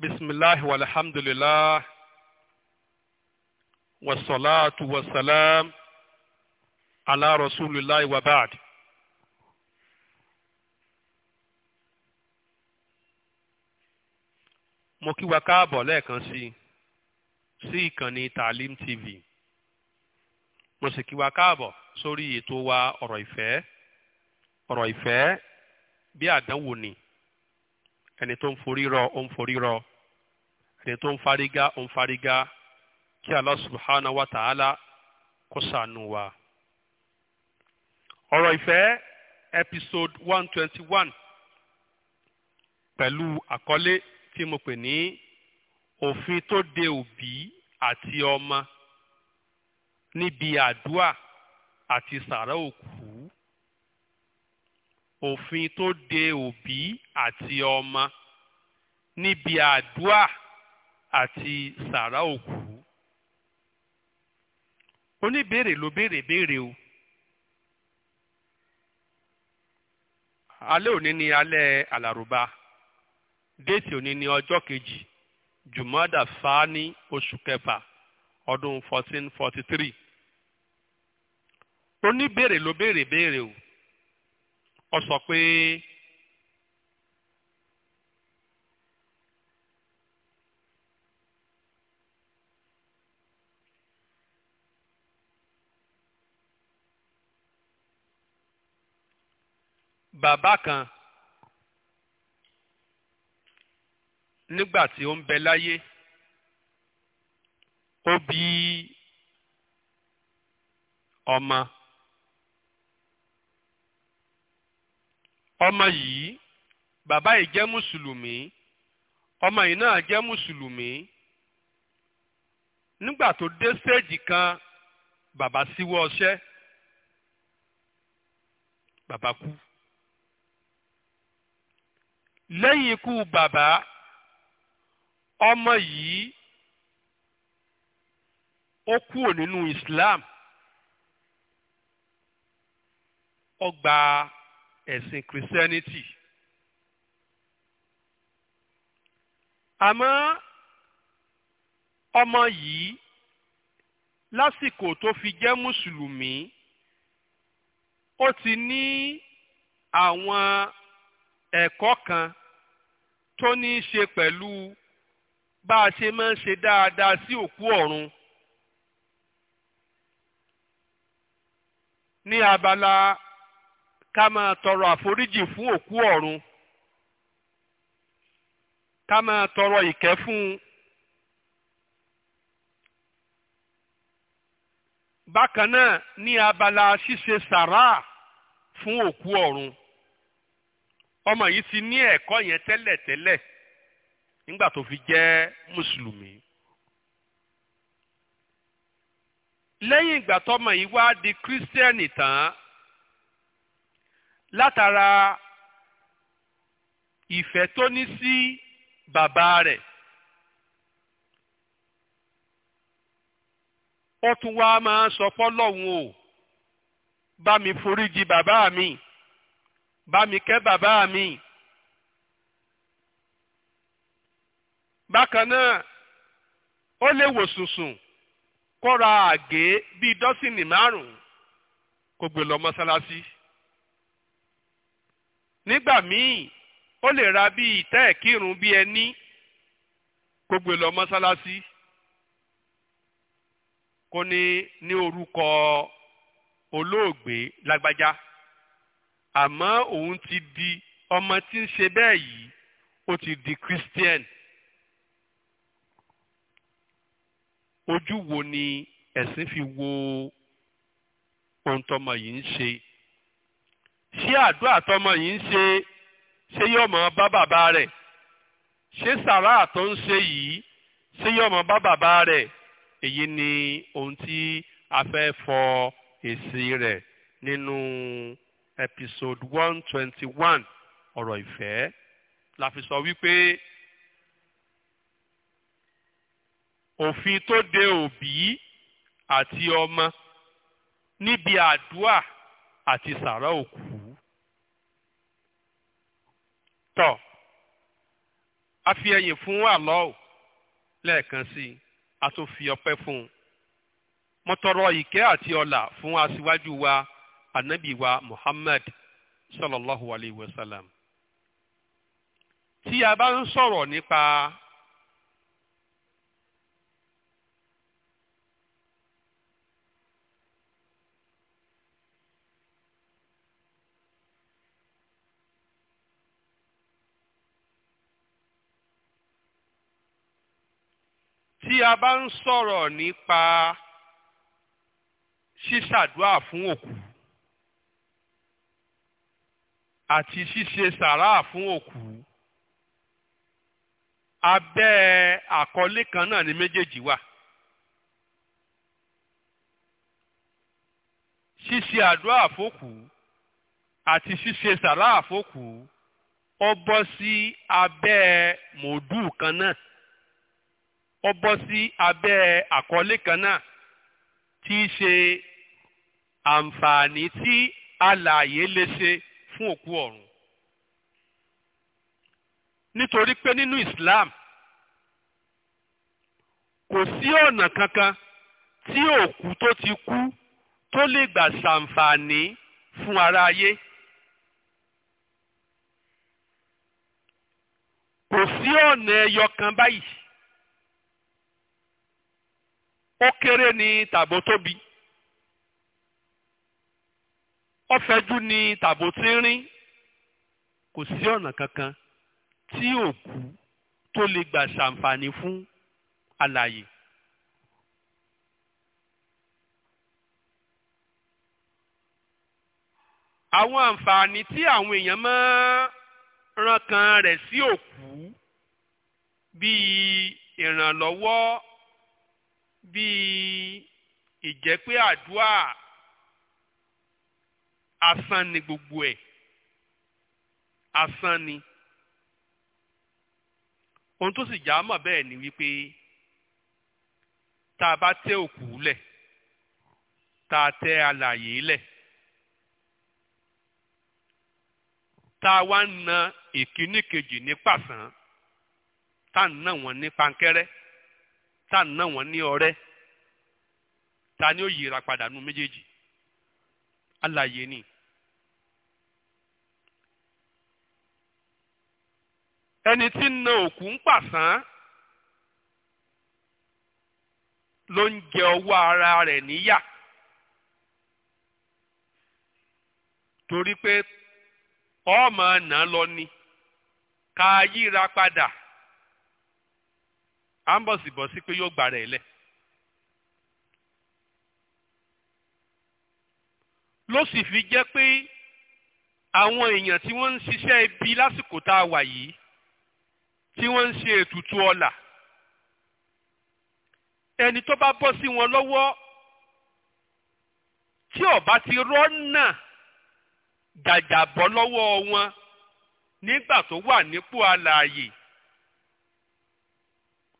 بسم الله والحمد لله والصلاة والسلام على رسول الله وبعد mo kí wa káàbọ̀ lẹ́ẹ̀kan sí sí ìkànnì Taalim TV mo sì kí wa káàbọ̀ sórí ètò wa ọ̀rọ̀ ìfẹ́ ọ̀rọ̀ ìfẹ́ bí àdánwò ni ẹni tó ń forí rọ ó ń forí rọ ẹni tó ń farigá ó ń farigá kí Allah subhanahu wa ta'ala kó ṣàánú wa. ọ̀rọ̀ ìfẹ́ episode one twenty one pẹ̀lú àkọlé tí mo pè ní òfin tó de òbí àti ọmọ níbi àdúà àti sàrà òkú òfin tó de òbí àti ọmọ níbi àdúà àti sàrà òkú oníbèrè ló béèrè béèrè o alẹ́ òní ni alẹ́ àlàrúbá déètì òní ni ọjọ́ kejì jùmọ́dà fáání oṣù kẹfà ọdún fourteen forty three oníbèrè ló béèrè béèrè o ọ sọ pé bàbá kan nígbà tí ó ń bẹ láyé ó bí ọmọ. ọmọ yìí bàbá yìí jẹ́ mùsùlùmí ọmọ yìí náà jẹ́ mùsùlùmí nígbà tó dé stéèjì kan bàbá síwọ́ ọṣẹ́ bàbá kú lẹ́yìn ikú bàbá ọmọ yìí ó kúrò nínú Islam ó ẹ̀sìn Christianity. àmọ́ ọmọ yìí lásìkò tó fi jẹ́ mùsùlùmí ó ti ní àwọn ẹ̀kọ́ kan tó ní í ṣe pẹ̀lú bá a ṣe máa ń ṣe dáadáa sí òkú ọ̀run ní abala ká máa tọrọ àforíjì fún òkú ọ̀run ká máa tọrọ ìkẹ́ fún un. bákan náà ní abala ṣíṣe sàrà fún òkú ọ̀run ọmọ yìí ti ní ẹ̀kọ́ yẹn tẹ́lẹ̀tẹ́lẹ̀ nígbà tó fi jẹ́ mùsùlùmí. lẹ́yìn ìgbà tọ́mọ yìí wá di kírísítẹ́nì tán látara ìfẹ́ tó ní sí bàbá rẹ̀ ó tún wá máa sọ fọ́lọ́hún o bá mi foríjì bàbá mi bá mi kẹ́ bàbá mi. bákan náà ó lè wò sùnsùn kó àgé bíi dọ́sìnì márùn-ún kó gbé lọ mọ́sálásí. Si nígbà míì ó lè ra bí ìtẹ́ ìkírun bí ẹni kó gbé lọ mọ́sálásí kó ní ní orúkọ olóògbé lágbájá àmọ́ òun ti di ọmọ tí ń ṣe bẹ́ẹ̀ yìí ó ti di christian ojú wo ni ẹ̀sìn fi wo ohun tọmọ yìí ń ṣe ṣé àdúrà tọmọ yìí ń ṣe ṣé yóò mọ bá bàbá rẹ̀ ṣé sàrà tó ń ṣe yìí ṣé yóò mọ bá bàbá rẹ̀ èyí ni ohun tí a fẹ́ fọ èsì rẹ̀ nínú episode one twenty one ọ̀rọ̀ ìfẹ́ la fi sọ wípé òfin tó de òbí àti ọmọ níbi àdúà àti sàrà òkú tọ̀ a fi ẹyìn fún àlọ́ ò lẹ́ẹ̀kan sí i a tún fi ọpẹ́ fún un mo tọrọ àti ọlà fún aṣíwájú wa ànábì wa Muhammad sallallahu alayhi wa sallam tí a bá ń sọ̀rọ̀ nípa tí a bá ń sọ̀rọ̀ nípa ṣíṣàdúrà fún òkú àti ṣíṣe sàrà fún òkú abẹ́ àkọlé kan náà ni méjèèjì wà. ṣíṣe àdúrà àfókù àti ṣíṣe sàrà àfókù ó bọ́ sí abẹ́ mòdù kan náà ó bọ́ sí abẹ́ àkọlé kan náà tí í ṣe àǹfààní tí alààyè lè ṣe fún òkú ọ̀run. nítorí pé nínú Islam kò sí ọ̀nà kankan tí òkú tó ti kú tó lè gbà ṣàǹfààní fún ara ayé. kò sí ọ̀nà ẹyọ kan báyìí ó kéré ni tàbó tóbi ó fẹ̀jú ni tàbó tínrín kò sí ọ̀nà kankan tí òkú tó lè gbà ṣàǹfààní fún alààyè. àwọn àǹfààní tí àwọn èèyàn máa ràn rẹ̀ sí òkú bíi ìrànlọ́wọ́ bíi ìjẹ́ pé àdúrà asán ni gbogbo ẹ̀ asán ni ohun tó sì já mọ̀ bẹ́ẹ̀ ni wípé tá a bá tẹ òkú lẹ̀ tá a tẹ alàyè lẹ̀ tá a wá na ìkíní kejì ní pàṣán tá a nà wọ́n ní pankẹ́rẹ́ tá à ń ná wọn ní ọrẹ ta ni ó yíra padà nu méjèèjì alaye ni. ẹni tí ń na òkú ń pàṣán ló ń jẹ ọwọ́ ara rẹ níyà torí pé ọmọ náà lọ ni ká yíra padà à ń bọ̀ sí bọ̀ sí pé yóò gbà rẹ̀ lẹ̀. ló sì fi jẹ́ pé àwọn èèyàn tí wọ́n ń ṣiṣẹ́ ibi lásìkò tá a wà yìí tí wọ́n ń ṣe ètùtù ọlà ẹni tó bá bọ́ sí wọn lọ́wọ́ tí ọba ti rọ́nà jàjàbọ́ lọ́wọ́ wọn nígbà tó wà nípò alààyè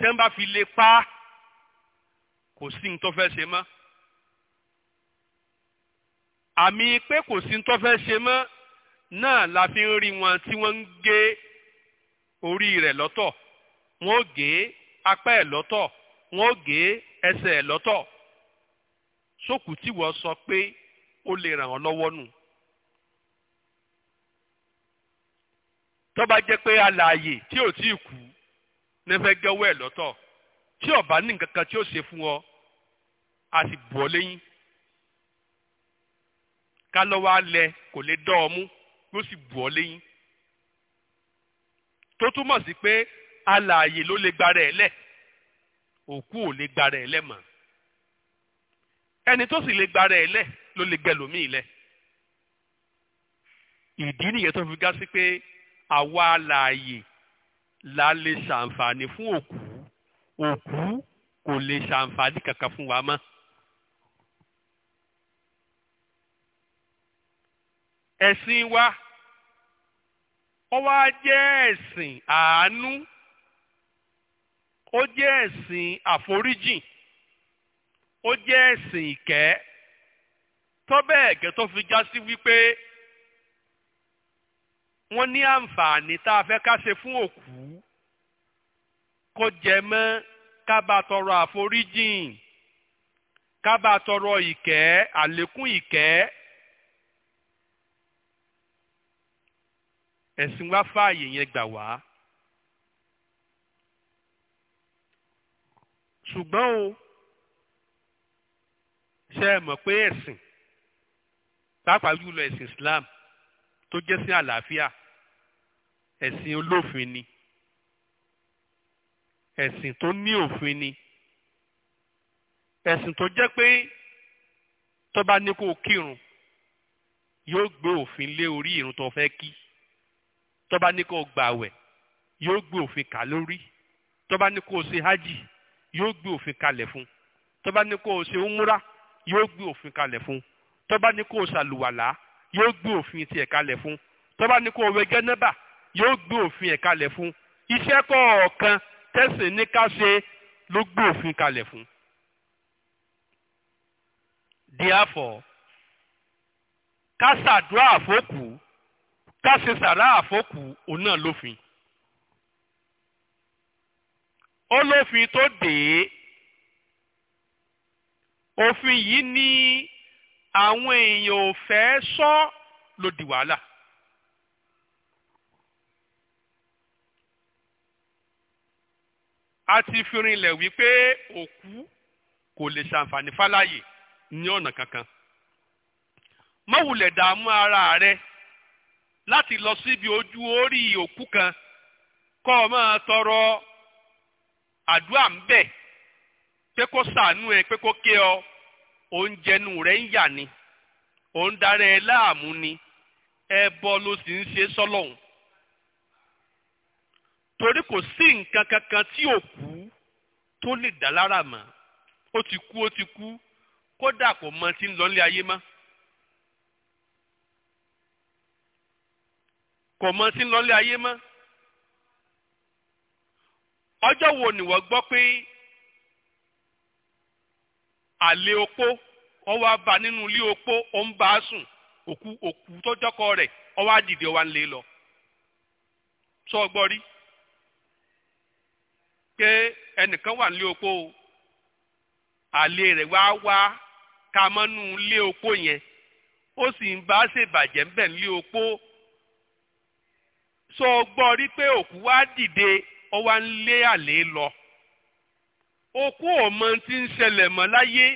tí wọ́n bá fi lè pa á kò sí ní tó fẹ́ ṣe mọ́ àmì pé kò sí ní tó fẹ́ ṣe mọ́ náà la fi ń rí wọn tí wọ́n ń gé orí rẹ̀ lọ́tọ̀ wọ́n ó gé apá ẹ̀ lọ́tọ̀ wọ́n ó gé ẹsẹ̀ ẹ̀ lọ́tọ̀ sókù tí wọ́n sọ pé ó lè ràn ọ́ lọ́wọ́ nù. tó jẹ́ pé alààyè tí ò tí kú ní fẹ́ gẹ́wọ́ ẹ̀ lọ́tọ̀ tí ọba ní nǹkan kan tí ó ṣe fún ọ a sì bọ̀ lẹ́yìn ká lọ́wọ́ alẹ́ kò lè dán ọ mú yóò sì bọ̀ lẹ́yìn tó túmọ̀ sí pé alààyè ló lè gbára ẹ̀ lẹ̀ òkú ò lè gbára ẹ̀ lẹ̀ mọ́ ẹni tó sì lè gbára ẹ̀ lẹ̀ ló lè gbẹlòmíì lẹ̀ ìdí nìyẹn tó fi gá sí pé àwa alààyè la lè ṣàǹfààní fún òkú òkú kò lè ṣàǹfààní kankan fún wa mọ́. ẹ̀sìn wa ó wá jẹ́ ẹ̀sìn àánú ó jẹ́ ẹ̀sìn àforíjìn ó jẹ́ ẹ̀sìn ìkẹ́ tó tó fi já sí wípé wọ́n ní àǹfààní tá a fẹ́ ká ṣe fún òkú kó jẹ mọ́ ká bá tọrọ àforíjìn ká bá tọrọ ìkẹ́ àlékún ìkẹ́ ẹ̀sìn wá fààyè yẹn gbà wá. ṣùgbọ́n o ṣe é mọ̀ pé ẹ̀sìn pàápàá jùlọ ẹ̀sìn Islam tó jẹ́ sí àlàáfíà ẹ̀sìn olófin ni ẹ̀sìn tó ní òfin ni ẹ̀sìn tó jẹ́ pé tó bá ní kó o kírun yóò gbé òfin lé orí irun tó fẹ́ kí tó bá ní kó o gbààwẹ̀ yóò gbé òfin kà lórí tó bá ní kó o ṣe hajj yóò gbé òfin kalẹ̀ fún tó bá ní kó o ṣe umura yóò gbé òfin kalẹ̀ fún tó bá ní kó o ṣàlùwàlá yóò gbé òfin tiẹ̀ kalẹ̀ fún tó bá ní kó o wẹ gẹ́nẹ́bà yóò gbé òfin ẹ̀ kalẹ̀ fún iṣẹ́ kọ̀ọ̀kan tẹ̀sìn ní ká ṣe ló gbé òfin kalẹ̀ fún. therefore ká ṣàdúrà àfókù ká ṣe sàrà àfókù òun náà lófin. ó lófin tó dé òfin yìí ní àwọn èèyàn ò fẹ́ sọ lòdì wàhálà. a ti fi rinlẹ̀ wípé òkú kò lè ṣàǹfààní fáláyè ní ọ̀nà kankan má wulẹ̀ dààmú ara rẹ láti lọ síbi ojú orí òkú kan kọ́ ọ máa tọrọ àdúrà ń bẹ̀ pé kó ṣàánú ẹ pé kó ké ọ oúnjẹnu rẹ ń yà ni òun darẹ̀ ẹ láàmú ni ẹbọ ló sì ń ṣe sọ́lọ́hún. torí kò sí nǹkan kankan tí ò kú tó lè dá lára mọ́ ó ti kú ó ti kú kódà kò mọ tí ń lọ nílé ayé mọ́ kò mọ tí ń lọ nílé ayé mọ́ ọjọ́ wo ni wọ́n gbọ́ pé àlè opó ọ wá bá nínú ilé opó ó ń bá a sùn òkú òkú tó jọ́kọ rẹ̀ ó wá dìde ọ wá ń lé lọ sọ gbọ́ rí. pé ẹnìkan wà nílé opó o àlè rẹ̀ wá wá ka mọ́nú ilé opó yẹn ó sì ń bá ṣèbàjẹ́ ńbẹ̀ nílé opó sọ gbọ́ rí pé òkú wá dìde ó wá ń lé àlè lọ òkú ò mọ ń ṣẹlẹ̀ mọ́ láyé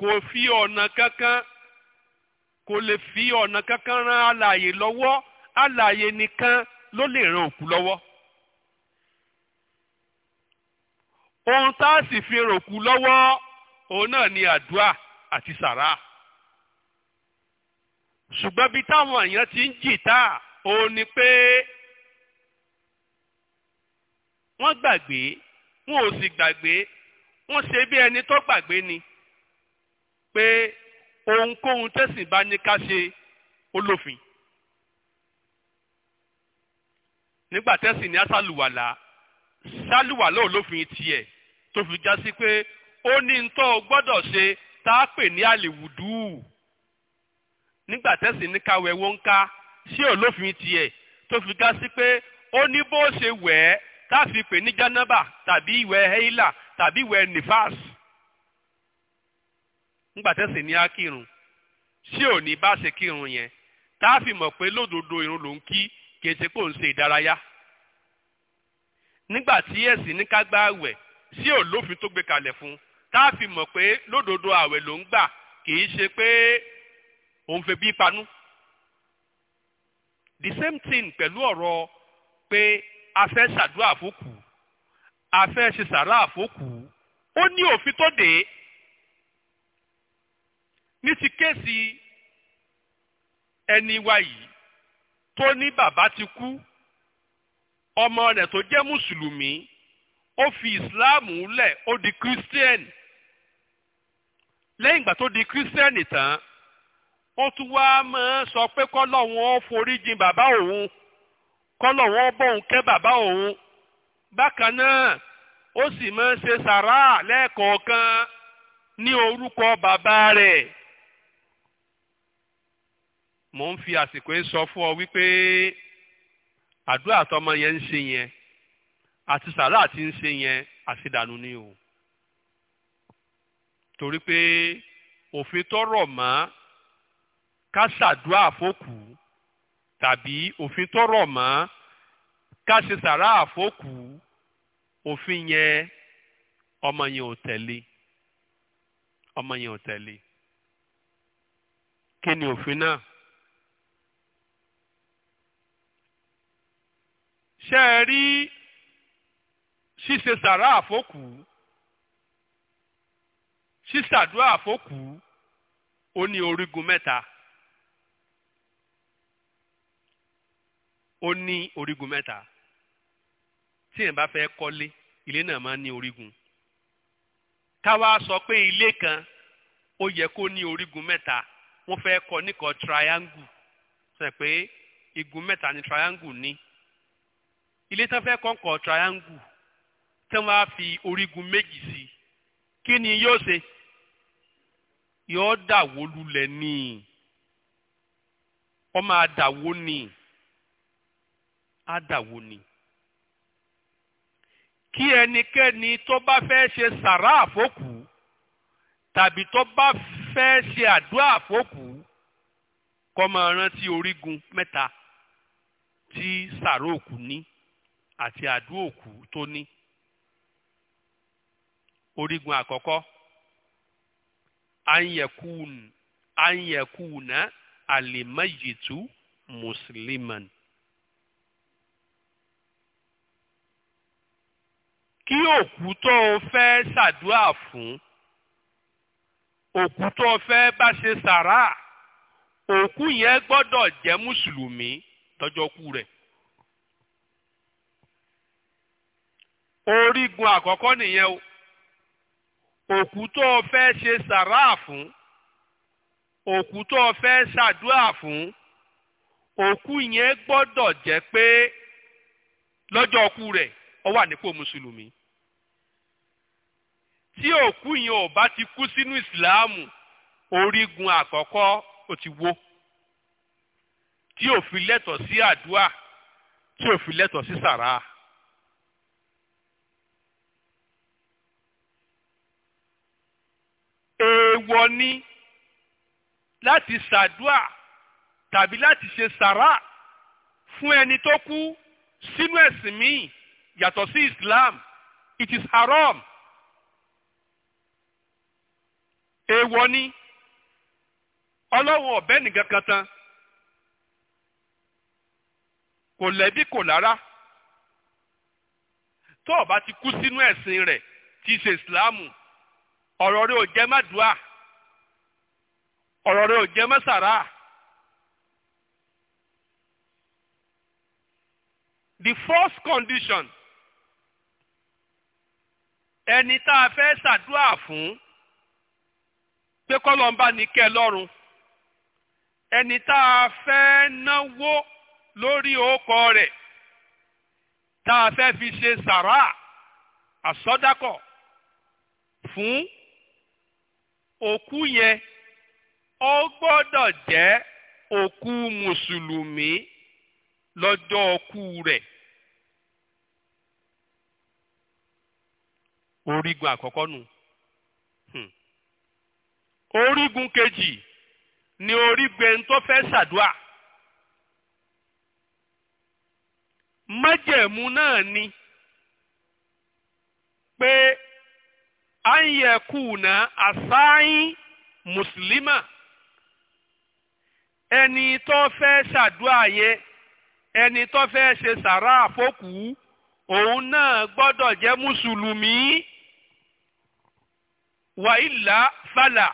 kò fi ọ̀nà kankan kò lè fi ọ̀nà kankan ran alààyè lọ́wọ́ alààyè nìkan ló lè ran òkú lọ́wọ́ ohun tá a sì fi ran òkú lọ́wọ́ òun náà ni àdúrà àti sàrà ṣùgbọ́n bí táwọn èèyàn ti ń jìtá òun ni pé wọ́n gbàgbé wọn ò sì gbàgbé wọ́n ṣe bí ẹni tó gbàgbé ni pé ohunkóhun tẹ̀sìn bá ní ká ṣe olófin nígbà tẹ́sí ní asálùwàlà sálùwàlà olófin tiẹ̀ tó fi já sí pé ó ní ń tọ́ gbọ́dọ̀ ṣe tá a pè ní àlèwùdú nígbà tẹ́sí ní káwé wọ́n ń ká sí olófin tiẹ̀ tó fi já sí pé ó ní bó ṣe wẹ̀ ẹ́ tá pè ní jánábà tàbí ìwẹ̀ heila tàbí ìwẹ̀ nifas nígbà tẹ́sí ní akírun sí òní bá ṣe kírun yẹn tá a mọ̀ pé lódodo irun ló ń kí kìí ṣe pò ń ṣe ìdárayá nígbà tí ẹ̀sìn ní ká gba àwẹ̀ sí òlófin tó gbé kalẹ̀ fún tá a fi mọ̀ pé lódodo àwẹ̀ ló ń gbà kìí ṣe pé òun fẹ́ bí panú the same thing pẹ̀lú ọ̀rọ̀ pé a fẹ́ ṣàdúrà àfókù a fẹ́ ṣe sàrà àfókù ó ní òfin tó dé ní ti kéèsì ẹni wa yìí tó ní bàbá ti kú ọmọ rẹ̀ tó jẹ́ mùsùlùmí ó fi ìsìláàmù lẹ̀ ó di Christian, lẹ́yìn ìgbà tó di Christian tán ó tún wá máa sọ pé kọ́lọ́hún ó forí jìn bàbá òun kọ́lọ́hún ó bóun kẹ́ bàbá òun bákan náà ó sì máa ṣe sàrà lẹ́ẹ̀kọ̀ọ̀kan ní orúkọ bàbá rẹ̀ mò ń fi àsìkò yìí sọ fún ọ wípé àdúrà tọmọ yẹn ń ṣe yẹn àti sàrà àti ń ṣe yẹn àṣedànù ni o torí pé òfin tọrọ mọ́ ká ṣàdúrà àfọkù tàbí òfin tọrọ mọ́ ká ṣe sàrà àfọkù òfin yẹn ọmọ yẹn ò tẹ̀lé ọmọ yẹn ò tẹ̀lé kí ni òfin náà. ṣe é rí ṣíṣe sàrá àfókù ṣíṣàdúrà àfókù ó ní orígun mẹ́ta ó ní orígun mẹ́ta tí èèyàn bá fẹ́ kọ́lé ilé náà máa ń ní orígun káwa sọ pé ilé kan ó yẹ kó ní orígun mẹ́ta wọ́n fẹ́ kọ́ níkan triangle sọ pé igun mẹ́ta ni triangle ní ilé tán fẹ́ kọ́ńkọ́ triangle tí wọ́n á fi orígun méjì sí i kí ni yóò ṣe yóò dàwó lulẹ̀ ní ọ máa dàwó ní á dàwó ní. kí ẹnikẹ́ni tó bá fẹ́ ṣe sàrá àfọ́kù tàbí tó bá fẹ́ ṣe àdúrà àfọ́kù kó máa rántí orígun mẹ́ta tí sàrá òkú ní àti àdúòkú tó ní orígun àkọ́kọ́ anyakun anyakuna alimayitu musliman kí òkú tó o fẹ́ ṣàdúrà fún òkú tó o fẹ́ bá ṣe sàrà òkú yẹn gbọ́dọ̀ jẹ́ mùsùlùmí tọ́jọ́ kú rẹ̀. orígun àkọ́kọ́ nìyẹn o òkú tó o fẹ́ ṣe sàráà fún òkú tó o fẹ́ ṣàdúrà fún òkú yẹn gbọ́dọ̀ jẹ́ pé lọ́jọ́ ọkú rẹ̀ ó wà nípò mùsùlùmí tí òkú yẹn ò bá ti kú sínú ìsìláàmù orígun àkọ́kọ́ ó ti wó tí ò fi lẹ́tọ̀ọ́ sí àdúrà tí ò fi lẹ́tọ̀ọ́ sí sàráà. èèwọ̀ ni láti ṣàdúà tàbí láti ṣe sàrà fún ẹni tó kú sínú ẹ̀sìn míì yàtọ̀ sí Islam it is haram èèwọ̀ ni ọlọ́run ọ̀bẹ nìkan kan tán kò lẹ́bí kò lára tó o bá ti kú sínú ẹ̀sìn rẹ̀ tí í ṣe Ìsìláàmù ọ̀rọ̀ rẹ ò jẹ́ má dùá ọ̀rọ̀ rẹ ò jẹ́ the first condition ẹni tá a fẹ́ ṣàdúrà fún pé kọ́lọ́mbà ní kẹ́ lọ́rùn ẹni tá a fẹ́ náwó lórí òkọ rẹ̀ tá a fẹ́ fi ṣe sàrà àsọdákọ̀ fún òkú yẹn ó gbọ́dọ̀ jẹ́ òkú mùsùlùmí lọ́jọ́ òkú rẹ̀. orígun àkọ́kọ́ nù. Hmm. orígun kejì ni orígun ẹni tó fẹ́ ṣàdúà. májẹ̀mú náà ni pé an yakuna asáyín mùsùlímà ẹni tó fẹ́ ṣàdúrà yẹn ẹni tó fẹ́ ṣe sàrà àfọ́kù òun náà gbọ́dọ̀ jẹ́ mùsùlùmí wàhílà fàlà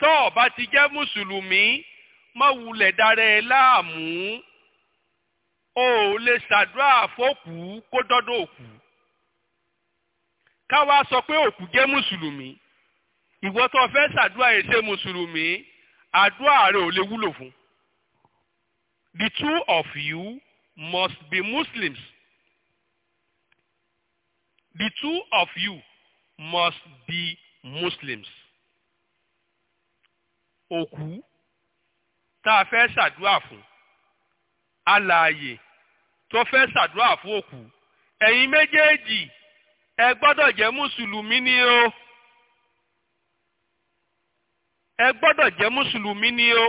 tó o bá ti jẹ́ mùsùlùmí má dára ẹ láàmú o lè ṣàdúrà àfọ́kù kó dọ́dọ̀ òkú káwa sọ pé òkú jẹ́ mùsùlùmí ìwọ tó fẹ́ ṣàdúrà ẹ̀ ṣe mùsùlùmí àdúrà rẹ̀ ò lè wúlò fún. The two of you must be Muslims. The two of you must be Muslims. Òkú tá a fẹ́ ṣàdúrà fún alààyè tó fẹ́ ṣàdúrà fún òkú ẹ̀yin méjèèjì ẹ gbọ́dọ̀ jẹ́ mùsùlùmí ni o ẹ gbọ́dọ̀ jẹ́ mùsùlùmí ni o.